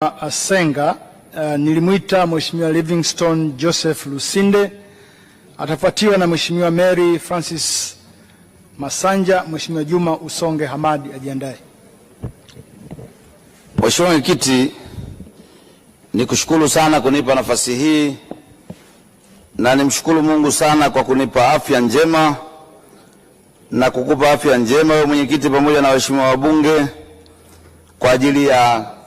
Asenga uh, nilimwita Mheshimiwa Livingstone Joseph Lusinde, atafuatiwa na Mheshimiwa Mary Francis Masanja. Mheshimiwa Juma Usonge Hamadi ajiandae. Mheshimiwa Mwenyekiti, nikushukuru sana kunipa nafasi hii na nimshukuru Mungu sana kwa kunipa afya njema na kukupa afya njema wewe mwenyekiti, pamoja na waheshimiwa wabunge kwa ajili ya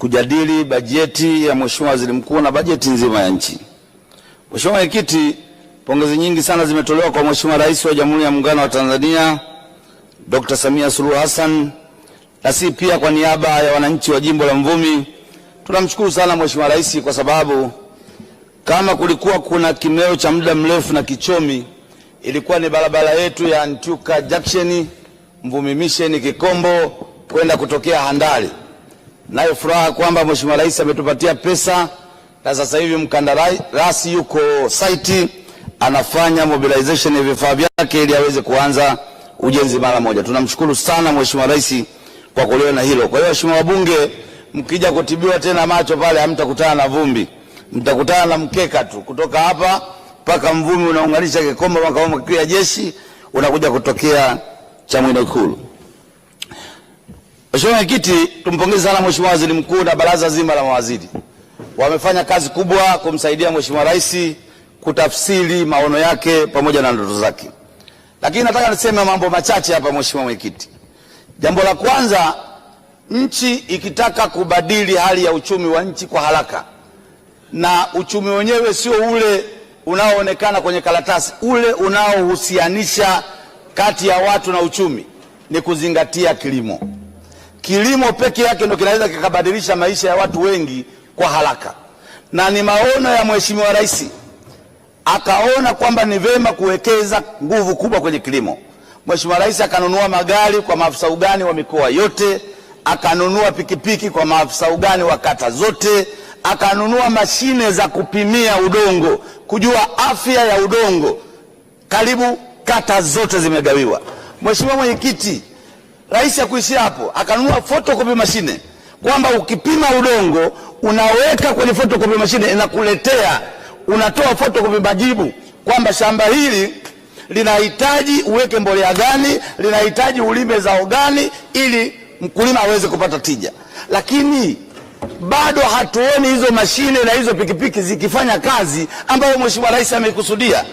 kujadili bajeti ya Mheshimiwa Waziri Mkuu na bajeti nzima ya nchi. Mheshimiwa Mwenyekiti, pongezi nyingi sana zimetolewa kwa Mheshimiwa Rais wa Jamhuri ya Muungano wa Tanzania Dr. Samia Suluhu Hassan, na si pia kwa niaba ya wananchi wa jimbo la Mvumi tunamshukuru sana Mheshimiwa Rais kwa sababu kama kulikuwa kuna kimeo cha muda mrefu na kichomi, ilikuwa ni barabara yetu ya Ntyuka Junction Mvumi Mission Kikombo kwenda kutokea Handali Nayo furaha kwamba Mheshimiwa Rais ametupatia pesa na sasa hivi mkandarasi yuko site anafanya mobilization ya vifaa vyake ili aweze kuanza ujenzi mara moja. Tunamshukuru sana Mheshimiwa Rais kwa kuliona hilo. Kwa hiyo, Waheshimiwa wabunge, mkija kutibiwa tena macho pale hamtakutana na vumbi, mtakutana na mkeka tu kutoka hapa mpaka Mvumi unaunganisha Kikombo makao makuu ya jeshi unakuja kutokea Chamwino Ikulu. Mheshimiwa Mwenyekiti, tumpongeze sana Mheshimiwa Waziri Mkuu na baraza zima la mawaziri, wamefanya kazi kubwa kumsaidia Mheshimiwa Rais kutafsiri maono yake pamoja na ndoto zake, lakini nataka niseme mambo machache hapa, Mheshimiwa Mwenyekiti. Jambo la kwanza, nchi ikitaka kubadili hali ya uchumi wa nchi kwa haraka, na uchumi wenyewe sio ule unaoonekana kwenye karatasi, ule unaohusianisha kati ya watu na uchumi, ni kuzingatia kilimo. Kilimo peke yake ndio kinaweza kikabadilisha maisha ya watu wengi kwa haraka, na ni maono ya Mheshimiwa Rais akaona kwamba ni vema kuwekeza nguvu kubwa kwenye kilimo. Mheshimiwa Rais akanunua magari kwa maafisa ugani wa mikoa yote, akanunua pikipiki kwa maafisa ugani wa kata zote, akanunua mashine za kupimia udongo, kujua afya ya udongo. Karibu kata zote zimegawiwa. Mheshimiwa Mwenyekiti, Rais akuishia hapo, akanunua photocopy mashine, kwamba ukipima udongo unaweka kwenye photocopy mashine, inakuletea unatoa photocopy majibu kwamba shamba hili linahitaji uweke mbolea gani, linahitaji ulime zao gani, ili mkulima aweze kupata tija. Lakini bado hatuoni hizo mashine na hizo pikipiki zikifanya kazi ambayo Mheshimiwa Rais ameikusudia.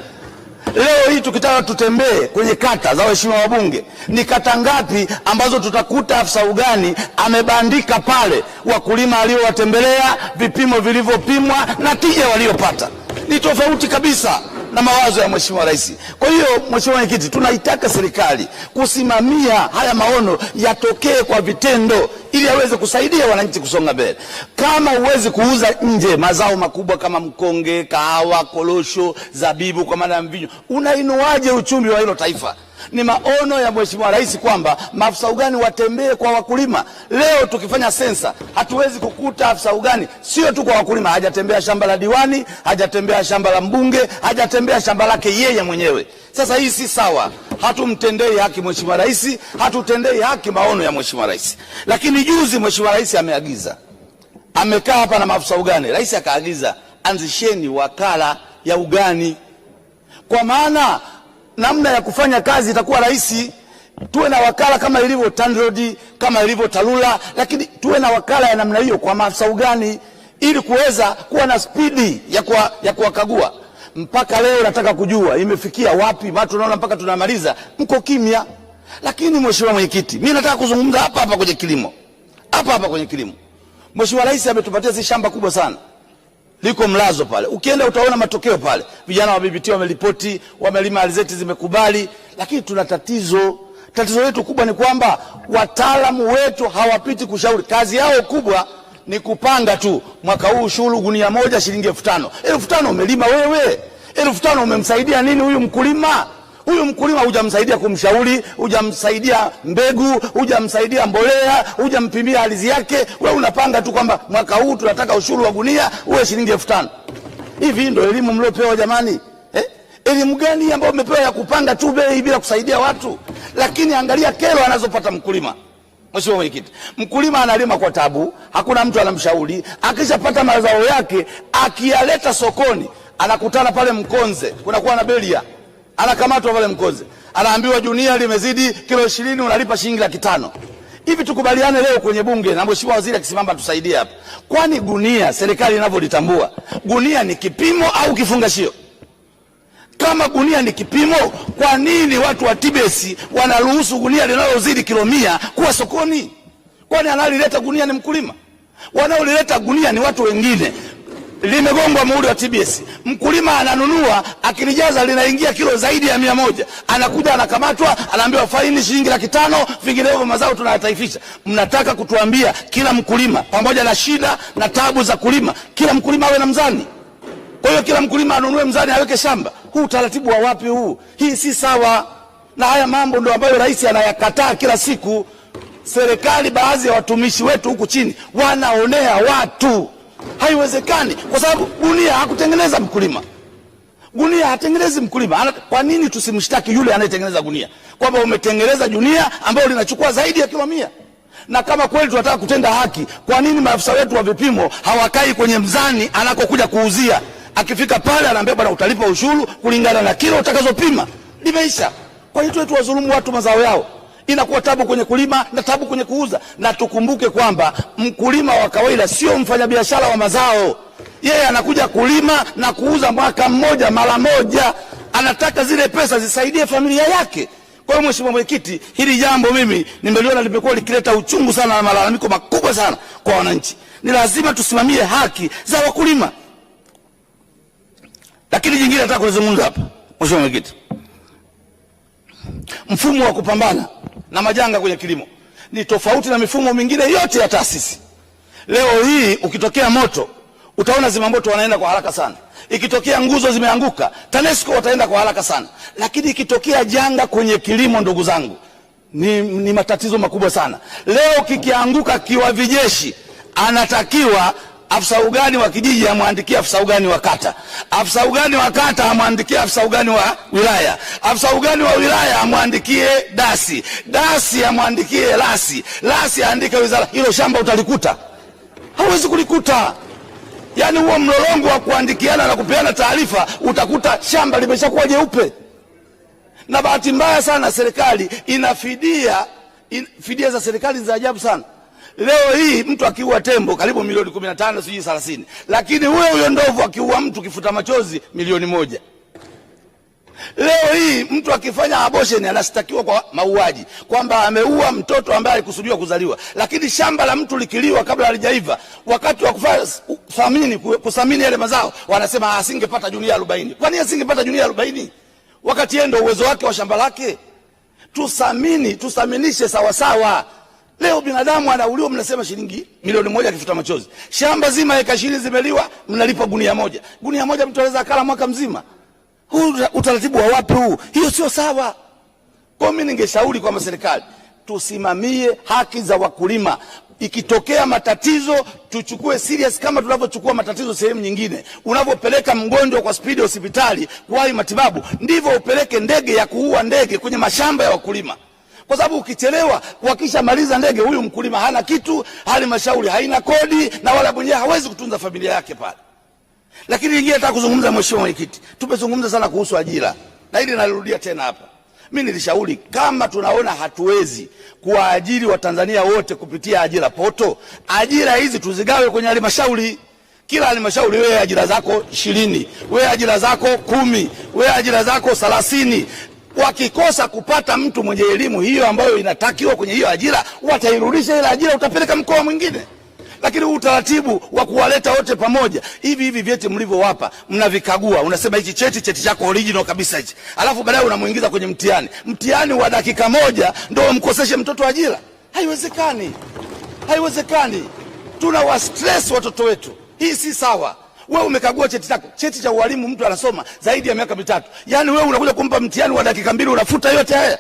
Leo hii tukitaka tutembee kwenye kata za waheshimiwa wabunge, ni kata ngapi ambazo tutakuta afisa ugani amebandika pale wakulima aliowatembelea, vipimo vilivyopimwa na tija waliopata? Ni tofauti kabisa na mawazo ya Mheshimiwa Rais. Kwa hiyo, Mheshimiwa Mwenyekiti, tunaitaka serikali kusimamia haya maono yatokee kwa vitendo ili aweze kusaidia wananchi kusonga mbele. Kama huwezi kuuza nje mazao makubwa kama mkonge, kahawa, korosho, zabibu kwa maana ya mvinyo, unainuaje uchumi wa hilo taifa? Ni maono ya Mheshimiwa Rais kwamba maafisa ugani watembee kwa wakulima. Leo tukifanya sensa, hatuwezi kukuta afisa ugani sio tu kwa wakulima. Hajatembea shamba la diwani, hajatembea shamba la mbunge, hajatembea shamba lake yeye mwenyewe. Sasa hii si sawa, hatumtendei haki Mheshimiwa Rais, hatutendei haki maono ya Mheshimiwa Rais. Lakini juzi Mheshimiwa Rais ameagiza, amekaa hapa na maafisa ugani, rais akaagiza, anzisheni wakala ya ugani kwa maana namna ya kufanya kazi itakuwa rahisi. Tuwe na wakala kama ilivyo TANROADS, kama ilivyo TARURA, lakini tuwe na wakala ya namna hiyo kwa maafisa ugani ili kuweza kuwa na spidi ya kuwakagua ya mpaka leo nataka kujua imefikia wapi? Maana tunaona mpaka tunamaliza mko kimya. Lakini mheshimiwa mwenyekiti, mimi nataka kuzungumza hapa hapa kwenye kilimo, hapa hapa kwenye kilimo. Mheshimiwa Rais ametupatia si shamba kubwa sana liko mlazo pale, ukienda utaona matokeo pale. Vijana wa BBT wameripoti, wamelima alizeti zimekubali, lakini tuna tatizo. Tatizo letu kubwa ni kwamba wataalamu wetu hawapiti kushauri, kazi yao kubwa ni kupanga tu. Mwaka huu shuru gunia moja shilingi elfu tano. Elfu tano umelima wewe, elfu tano umemsaidia nini huyu mkulima? Huyu mkulima hujamsaidia kumshauri, hujamsaidia mbegu, hujamsaidia mbolea, hujampimia ardhi yake. Wewe unapanga tu kwamba mwaka huu tunataka ushuru wa gunia uwe shilingi elfu tano. Hivi ndio elimu mliopewa jamani? Eh? Elimu gani ambayo umepewa ya kupanga tu bei bila kusaidia watu? Lakini angalia kero anazopata mkulima. Mheshimiwa Mwenyekiti, mkulima analima kwa tabu, hakuna mtu anamshauri. Akishapata mazao yake, akiyaleta sokoni, anakutana pale Mkonze, kunakuwa na belia anakamatwa pale Mkozi, anaambiwa junia limezidi kilo ishirini, unalipa shilingi laki tano. Hivi tukubaliane leo kwenye bunge na mheshimiwa waziri akisimama tusaidie hapa, kwani gunia serikali inavyolitambua gunia ni kipimo au kifungashio? Kama gunia ni kipimo, kwa nini watu wa TBS wanaruhusu gunia linalozidi kilo mia kuwa sokoni? Kwani analileta gunia ni mkulima? Wanaolileta gunia ni watu wengine limegongwa muhuri wa TBS, mkulima ananunua, akilijaza linaingia kilo zaidi ya mia moja, anakuja anakamatwa, anaambiwa faini shilingi laki tano, vinginevyo mazao tunayataifisha. Mnataka kutuambia kila mkulima, pamoja na shida na tabu za kulima, kila mkulima awe na mzani? Kwa hiyo kila mkulima anunue mzani, aweke shamba? Huu utaratibu wa wapi huu? Hii si sawa, na haya mambo ndo ambayo rais anayakataa kila siku. Serikali, baadhi ya watumishi wetu huku chini wanaonea watu Haiwezekani, kwa sababu gunia hakutengeneza mkulima, gunia hatengenezi mkulima. Kwa nini tusimshtaki yule anayetengeneza gunia kwamba umetengeneza gunia ambayo linachukua zaidi ya kilo mia? Na kama kweli tunataka kutenda haki, kwa nini maafisa wetu wa vipimo hawakai kwenye mzani anakokuja kuuzia? Akifika pale anaambia bwana, utalipa ushuru kulingana na kilo utakazopima. Limeisha. Kwa hiyo tuwe tuwadhulumu watu mazao yao inakuwa tabu kwenye kulima na tabu kwenye kuuza. Na tukumbuke kwamba mkulima wa kawaida sio mfanyabiashara wa mazao, yeye anakuja kulima na kuuza mwaka mmoja mara moja, anataka zile pesa zisaidie familia yake. Kwa hiyo Mheshimiwa Mwenyekiti, hili jambo mimi nimeliona limekuwa likileta uchungu sana na malalamiko makubwa sana kwa wananchi. Ni lazima tusimamie haki za wakulima. Lakini jingine nataka kulizungumza hapa, Mheshimiwa Mwenyekiti, mfumo wa kupambana na majanga kwenye kilimo ni tofauti na mifumo mingine yote ya taasisi. Leo hii ukitokea moto utaona zimamoto wanaenda kwa haraka sana, ikitokea nguzo zimeanguka TANESCO wataenda kwa haraka sana, lakini ikitokea janga kwenye kilimo, ndugu zangu, ni, ni matatizo makubwa sana. Leo kikianguka kiwavijeshi anatakiwa afisa ugani wa kijiji amwandikie afisa ugani wa kata, afisa ugani wa kata amwandikie afisa ugani wa wilaya, afisa ugani wa wilaya amwandikie dasi, dasi amwandikie lasi, lasi aandike wizara. Hilo shamba utalikuta? Hauwezi kulikuta. Yaani huo mlolongo wa kuandikiana na kupeana taarifa, utakuta shamba limeshakuwa jeupe. Na bahati mbaya sana serikali inafidia in, fidia za serikali za ajabu sana. Leo hii mtu akiua tembo karibu milioni kumi na tano sijui thelathini, lakini huyo huyo ndovu akiua mtu kifuta machozi milioni moja. Leo hii mtu akifanya abortion anashtakiwa kwa mauaji, kwamba ameua mtoto ambaye alikusudiwa kuzaliwa, lakini shamba la mtu likiliwa kabla halijaiva, wakati wa kuthamini kusamini yale mazao wanasema asingepata junia arobaini. Kwa nini asingepata junia arobaini wakati yeye ndio uwezo wake wa shamba lake? Tusamini, tusaminishe sawasawa. sawa. Leo binadamu anauliwa, mnasema shilingi milioni moja kifuta machozi. Shamba zima eka ishirini zimeliwa, mnalipa gunia moja. Gunia moja mtu anaweza akala mwaka mzima. Huu utaratibu wa wapi huu? Hiyo sio sawa. Kwa mimi ningeshauri kwamba serikali tusimamie haki za wakulima. Ikitokea matatizo tuchukue serious kama tunavyochukua matatizo sehemu nyingine. Unavyopeleka mgonjwa kwa spidi hospitali kwa matibabu, ndivyo upeleke ndege ya kuua ndege kwenye mashamba ya wakulima kwa sababu ukichelewa maliza ndege, huyu mkulima hana kitu, halmashauri haina kodi, na wala mwenyewe hawezi kutunza familia yake pale. Lakini ingine nataka kuzungumza, mheshimiwa mwenyekiti, tumezungumza sana kuhusu ajira na hili nalirudia tena hapa. Mi nilishauri kama tunaona hatuwezi kuwaajiri Watanzania wote kupitia ajira poto, ajira hizi tuzigawe kwenye halmashauri. Kila halmashauri wewe ajira zako ishirini, wewe ajira zako kumi, wewe ajira zako thelathini wakikosa kupata mtu mwenye elimu hiyo ambayo inatakiwa kwenye hiyo ajira, watairudisha ile ajira, utapeleka mkoa mwingine. Lakini huu utaratibu wa kuwaleta wote pamoja hivi hivi, vyeti mlivyowapa mnavikagua, unasema hichi cheti cheti chako original kabisa hichi, alafu baadaye unamuingiza kwenye mtihani, mtihani wa dakika moja ndio umkoseshe mtoto ajira? Haiwezekani, haiwezekani. Tuna wa stress watoto wetu, hii si sawa wewe umekagua cheti chako, cheti cha ualimu, mtu anasoma zaidi ya miaka mitatu, yaani wewe unakuja kumpa mtihani wa dakika mbili, unafuta yote haya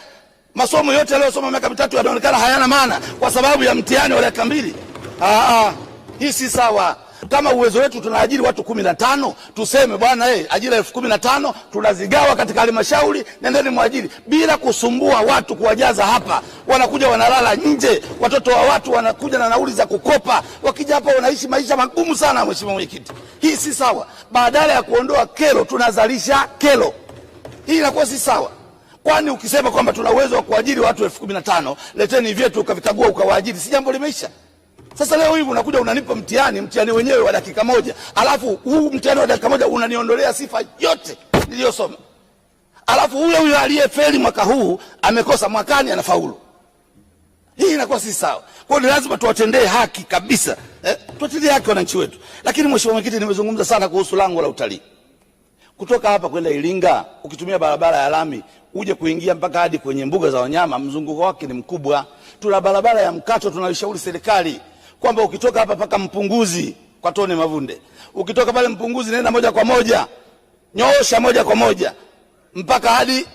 masomo yote aliyosoma miaka mitatu yanaonekana hayana maana kwa sababu ya mtihani wa dakika mbili. Ah, hii si sawa. Kama uwezo wetu tunaajiri watu kumi na tano, tuseme bwana hey, eh, ajira elfu kumi na tano tunazigawa katika halmashauri, nendeni mwajiri bila kusumbua watu kuwajaza hapa. Wanakuja wanalala nje, watoto wa watu wanakuja na nauli za kukopa, wakija hapa wanaishi maisha magumu sana, mheshimiwa mwenyekiti. Hii si sawa. Badala ya kuondoa kero tunazalisha kero. Hii inakuwa si sawa, kwani ukisema kwamba tuna uwezo wa kuajiri watu elfu kumi na tano leteni vyetu ukavikagua ukawaajiri, si jambo limeisha? Sasa leo hivi unakuja unanipa mtihani, mtihani wenyewe wa dakika moja, alafu huu mtihani wa dakika moja unaniondolea sifa yote niliyosoma, alafu ule huyo aliyefeli mwaka huu amekosa mwakani anafaulu. Hii inakuwa si sawa. Kwa hiyo ni lazima tuwatendee haki kabisa, eh? Tuwatendee haki wananchi wetu. Lakini mheshimiwa mwenyekiti, nimezungumza sana kuhusu lango la utalii kutoka hapa kwenda Iringa ukitumia barabara ya lami uje kuingia mpaka hadi kwenye mbuga za wanyama, mzunguko wake ni mkubwa. Tuna barabara ya mkato, tunalishauri serikali kwamba ukitoka hapa mpaka Mpunguzi kwa tone Mavunde, ukitoka pale Mpunguzi nenda moja kwa moja, nyoosha moja kwa moja mpaka hadi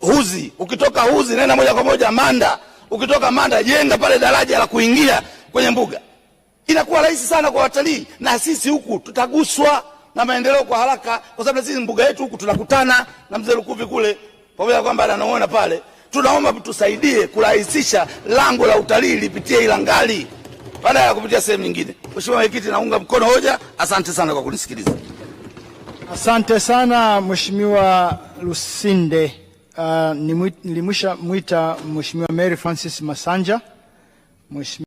Huzi, ukitoka Huzi nenda moja kwa moja Manda ukitoka Manda jenga pale daraja la kuingia kwenye mbuga, inakuwa rahisi sana kwa watalii, na sisi huku tutaguswa na maendeleo kwa haraka, kwa sababu sisi mbuga yetu huku tunakutana na mzee Lukuvi kule, pamoja na kwamba ananong'ona pale. Tunaomba tusaidie kurahisisha lango la utalii lipitie Ilangali badala ya kupitia sehemu nyingine. Mheshimiwa Mwenyekiti, naunga mkono hoja. Asante sana kwa kunisikiliza. Asante sana Mheshimiwa Lusinde. Uh, nilimwisha mwita Mheshimiwa Mary Francis Masanja, Mheshimiwa